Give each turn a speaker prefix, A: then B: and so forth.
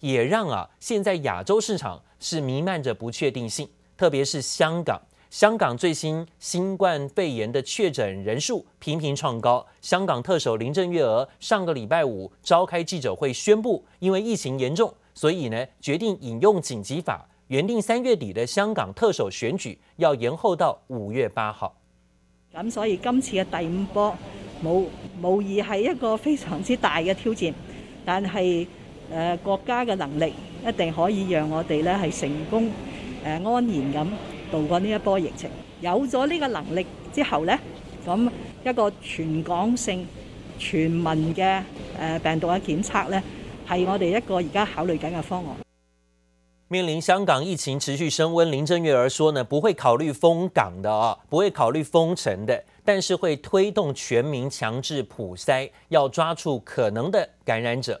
A: 也讓啊，現在亞洲市場是彌漫着不確定性，特別是香港。香港最新新冠肺炎的確診人數頻頻創高。香港特首林鄭月娥上個禮拜五召開記者會，宣布因為疫情嚴重，所以呢，決定引用緊急法，原定三月底的香港特首選舉要延後到五月八號。
B: 咁所以今次嘅第五波，無無疑係一個非常之大嘅挑戰，但係。誒、呃、國家嘅能力一定可以讓我哋咧係成功誒、呃、安然咁渡過呢一波疫情。有咗呢個能力之後咧，咁一個全港性全民嘅誒、呃、病毒嘅檢測咧，係我哋一個而家考慮緊嘅方案。
A: 面臨香港疫情持續升溫，林鄭月娥說呢：呢不會考慮封港的啊，不會考慮封城的，但是會推動全民強制普篩，要抓住可能的感染者。